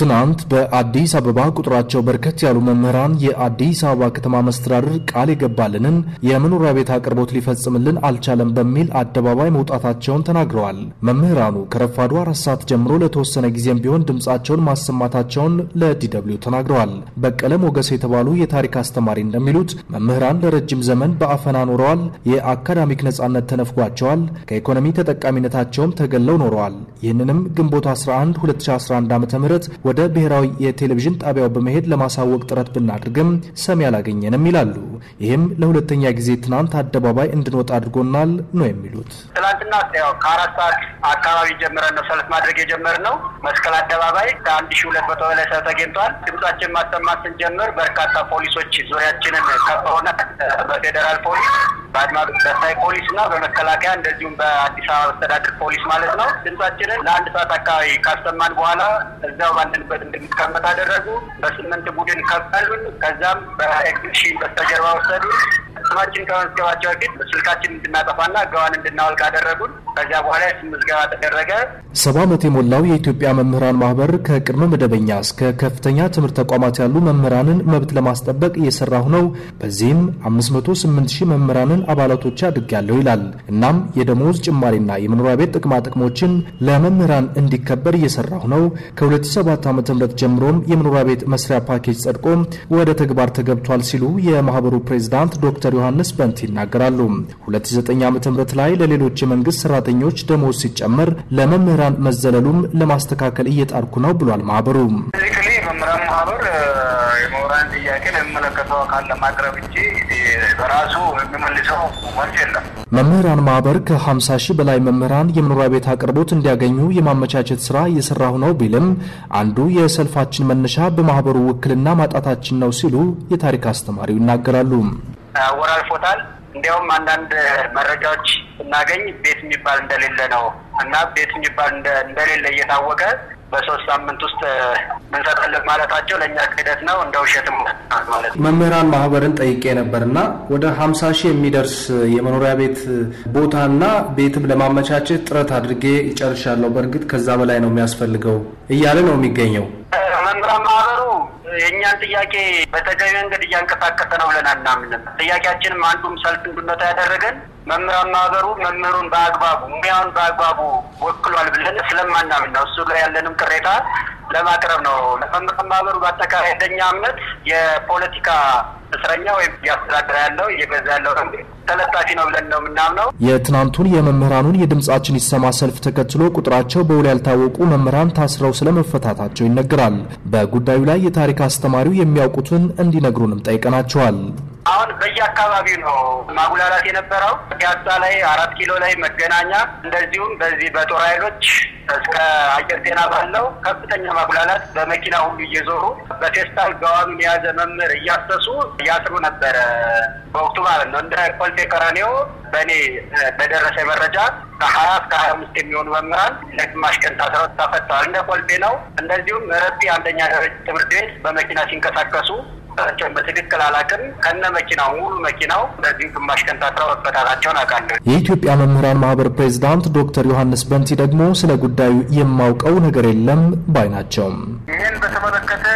ትናንት በአዲስ አበባ ቁጥራቸው በርከት ያሉ መምህራን የአዲስ አበባ ከተማ መስተዳድር ቃል የገባልንን የመኖሪያ ቤት አቅርቦት ሊፈጽምልን አልቻለም በሚል አደባባይ መውጣታቸውን ተናግረዋል። መምህራኑ ከረፋዱ አራት ሰዓት ጀምሮ ለተወሰነ ጊዜም ቢሆን ድምፃቸውን ማሰማታቸውን ለዲደብሊው ተናግረዋል። በቀለ ሞገስ የተባሉ የታሪክ አስተማሪ እንደሚሉት መምህራን ለረጅም ዘመን በአፈና ኖረዋል። የአካዳሚክ ነጻነት ተነፍጓቸዋል። ከኢኮኖሚ ተጠቃሚነታቸውም ተገለው ኖረዋል። ይህንንም ግንቦት 11 2011 ዓ ም ወደ ብሔራዊ የቴሌቪዥን ጣቢያው በመሄድ ለማሳወቅ ጥረት ብናድርግም ሰሚ አላገኘንም ይላሉ። ይህም ለሁለተኛ ጊዜ ትናንት አደባባይ እንድንወጣ አድርጎናል ነው የሚሉት። ትናንትና ከአራት ሰዓት አካባቢ ጀምረን ነው ሰልፍ ማድረግ የጀመርነው። መስቀል አደባባይ ከአንድ ሺ ሁለት መቶ በላይ ሰው ተገኝቷል። ድምጻችን ማሰማት ስንጀምር በርካታ ፖሊሶች ዙሪያችንን ከሆነ በፌዴራል ፖሊስ በአድማ ፖሊስ እና በመከላከያ እንደዚሁም በአዲስ አበባ መስተዳድር ፖሊስ ማለት ነው። ድምጻችንን ለአንድ ሰዓት አካባቢ ካሰማን በኋላ እዚያው ባንድ የምንበት እንድንቀመጥ አደረጉ። በስምንት ቡድን ከፈሉን። ከዛም በኤግዚቢሽን በስተጀርባ ወሰዱ። ስማችን ከመዝገባቸው በፊት ስልካችን እንድናጠፋና ህገዋን እንድናወልቅ አደረጉን። ከዚያ በኋላ የስም ምዝገባ ተደረገ። ሰባ ዓመት የሞላው የኢትዮጵያ መምህራን ማህበር ከቅድመ መደበኛ እስከ ከፍተኛ ትምህርት ተቋማት ያሉ መምህራንን መብት ለማስጠበቅ እየሰራሁ ነው። በዚህም 508 ሺህ መምህራንን አባላቶች አድርጊያለሁ ይላል። እናም የደሞዝ ጭማሪና የመኖሪያ ቤት ጥቅማ ጥቅሞችን ለመምህራን እንዲከበር እየሰራሁ ነው። ከ2007 ዓ ም ጀምሮም የመኖሪያ ቤት መስሪያ ፓኬጅ ጸድቆ ወደ ተግባር ተገብቷል ሲሉ የማህበሩ ፕሬዚዳንት ዶክተር ዮሐንስ በንት ይናገራሉ። 2009 ዓ ም ላይ ለሌሎች የመንግስት ሰራተኞች ደሞዝ ሲጨመር ለመምህራን መዘለሉም ለማስተካከል እየጣርኩ ነው ብሏል ማህበሩ። መምህራን ማህበር የመምህራን ጥያቄ ለሚመለከተው አካል ለማቅረብ እንጂ በራሱ የሚመልሰው መልስ የለም። መምህራን ማህበር ከ50 ሺህ በላይ መምህራን የመኖሪያ ቤት አቅርቦት እንዲያገኙ የማመቻቸት ስራ እየሰራሁ ነው ቢልም አንዱ የሰልፋችን መነሻ በማህበሩ ውክልና ማጣታችን ነው ሲሉ የታሪክ አስተማሪው ይናገራሉ። ወራልፎታል። እንዲያውም አንዳንድ መረጃዎች ስናገኝ ቤት የሚባል እንደሌለ ነው እና ቤት የሚባል እንደሌለ እየታወቀ በሶስት ሳምንት ውስጥ እንሰጣለን ማለታቸው ለእኛ ክህደት ነው፣ እንደ ውሸትም ማለት ነው። መምህራን ማህበርን ጠይቄ ነበር እና ወደ ሀምሳ ሺህ የሚደርስ የመኖሪያ ቤት ቦታና ቤትም ለማመቻቸት ጥረት አድርጌ ይጨርሻለሁ። በእርግጥ ከዛ በላይ ነው የሚያስፈልገው እያለ ነው የሚገኘው መምህራን ማህበር የእኛን ጥያቄ በተገቢ መንገድ እያንቀሳቀሰ ነው ብለን አናምንም። ጥያቄያችንም አንዱም ሰልፍ እንድንወጣ ያደረገን መምህራን ማህበሩ መምህሩን በአግባቡ ሙያውን በአግባቡ ወክሏል ብለን ስለማናምን ነው። እሱ ላይ ያለንም ቅሬታ ለማቅረብ ነው። መምህራን ማህበሩ በአጠቃላይ እንደኛ እምነት የፖለቲካ እስረኛ ወይም እያስተዳደረ ያለው እየገዛ ያለው ተለጣፊ ነው ብለን ነው የምናምነው። የትናንቱን የመምህራኑን የድምጻችን ይሰማ ሰልፍ ተከትሎ ቁጥራቸው በውል ያልታወቁ መምህራን ታስረው ስለመፈታታቸው ይነገራል። በጉዳዩ ላይ የታሪክ አስተማሪው የሚያውቁትን እንዲነግሩንም ጠይቀናቸዋል። አሁን በየአካባቢው ነው ማጉላላት የነበረው። ፒያሳ ላይ፣ አራት ኪሎ ላይ፣ መገናኛ እንደዚሁም በዚህ በጦር ኃይሎች እስከ አየር ጤና ባለው ከፍተኛ ማጉላላት በመኪና ሁሉ እየዞሩ በፌስታል ጋዋኑን የያዘ መምህር እያሰሱ እያስሩ ነበረ በወቅቱ ማለት ነው። እንደ ኮልፌ ቀራኔው በእኔ በደረሰ መረጃ ከሀያ እስከ ሀያ አምስት የሚሆኑ መምህራን ለግማሽ ቀን ታስረው ተፈተዋል። እንደ ኮልፌ ነው። እንደዚሁም ረቢ አንደኛ ደረጃ ትምህርት ቤት በመኪና ሲንቀሳቀሱ ቁጥራቸውን በትክክል አላውቅም። ከነ መኪናው ሙሉ መኪናው እንደዚሁ ግማሽ ቀን ታስራ መፈታታቸውን አውቃለሁ። የኢትዮጵያ መምህራን ማህበር ፕሬዚዳንት ዶክተር ዮሐንስ በንቲ ደግሞ ስለ ጉዳዩ የማውቀው ነገር የለም ባይ ናቸው። ይህን በተመለከተ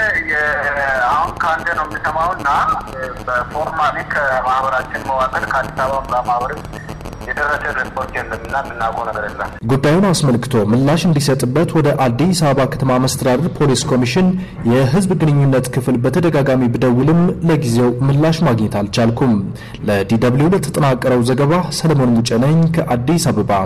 አሁን ከአንድ ነው የምሰማው እና በፎርማሊ ከማህበራችን መዋቅር ከአዲስ አበባ ማህበርም የደረሰ ሪፖርት የለምና የምናውቀው ነገር የለም። ጉዳዩን አስመልክቶ ምላሽ እንዲሰጥበት ወደ አዲስ አበባ ከተማ መስተዳድር ፖሊስ ኮሚሽን የህዝብ ግንኙነት ክፍል በተደጋጋሚ ብደውልም ለጊዜው ምላሽ ማግኘት አልቻልኩም። ለዲ ደብልዩ ለተጠናቀረው ዘገባ ሰለሞን ሙጬ ነኝ ከአዲስ አበባ።